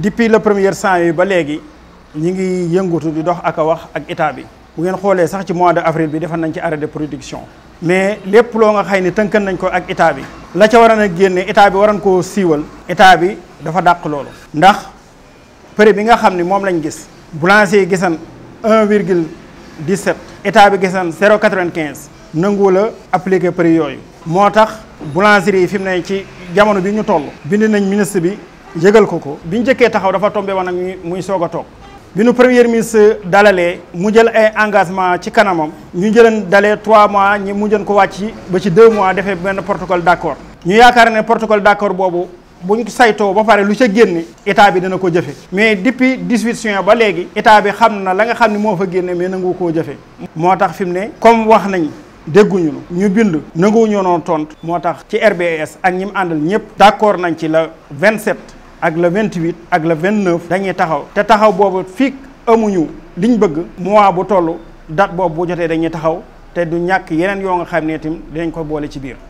depuis le première cent yi ba léegi ñi ngi yëngatu di dox ak wax ak état bi bu ngeen xoolee sax ci mois de avril bi defoon nañ ci arrêt de production mais lépp loo nga xëy ni tënkan nañ ko ak état bi la ca waroon a génne état bi ko koo siiwal état bi dafa dàq loolu ndax prix bi nga xam ni moom lañ gis boulanger yi gisan 1 virgule 17 état bi gisan 0,95 nangu la appliqué prix yooyu moo tax boulangerie yi fi mu ne ci jamono bi ñu toll bind nañ ministre bi yëgal ko ko bi ñu jëkkee taxaw dafa tombé woon ak muy soog a toog bi nu premier ministre dalalee mu jël engagement ci kanamam ñu jëleen dalee trois mois ñi mu jën ko wàcc ba ci deux mois defee benn protocole d'accord ñu yaakaar ne protocole d'accord boobu buñ saytoo ba pare lu ca génne état bi dana ko jëfe mais depuis 18 juin ba léegi état bi xam na la nga xam ne moo fa génne mais nangu ko jëfe moo tax fi mu ne comme wax nañ dégguñu ñu bind nanguwuñu noonu tontu moo tax ci RBS ak ñi mu àndal ñëpp d'accord nañ ci la 27 ak le 28 ak le 29 dañuy taxaw te taxaw boobu fii amuñu liñ bëgg mois bu toll date boobu bu jotee dañuy taxaw te du ñàkk yeneen yoo nga xam ne itam dinañ ko boole ci biir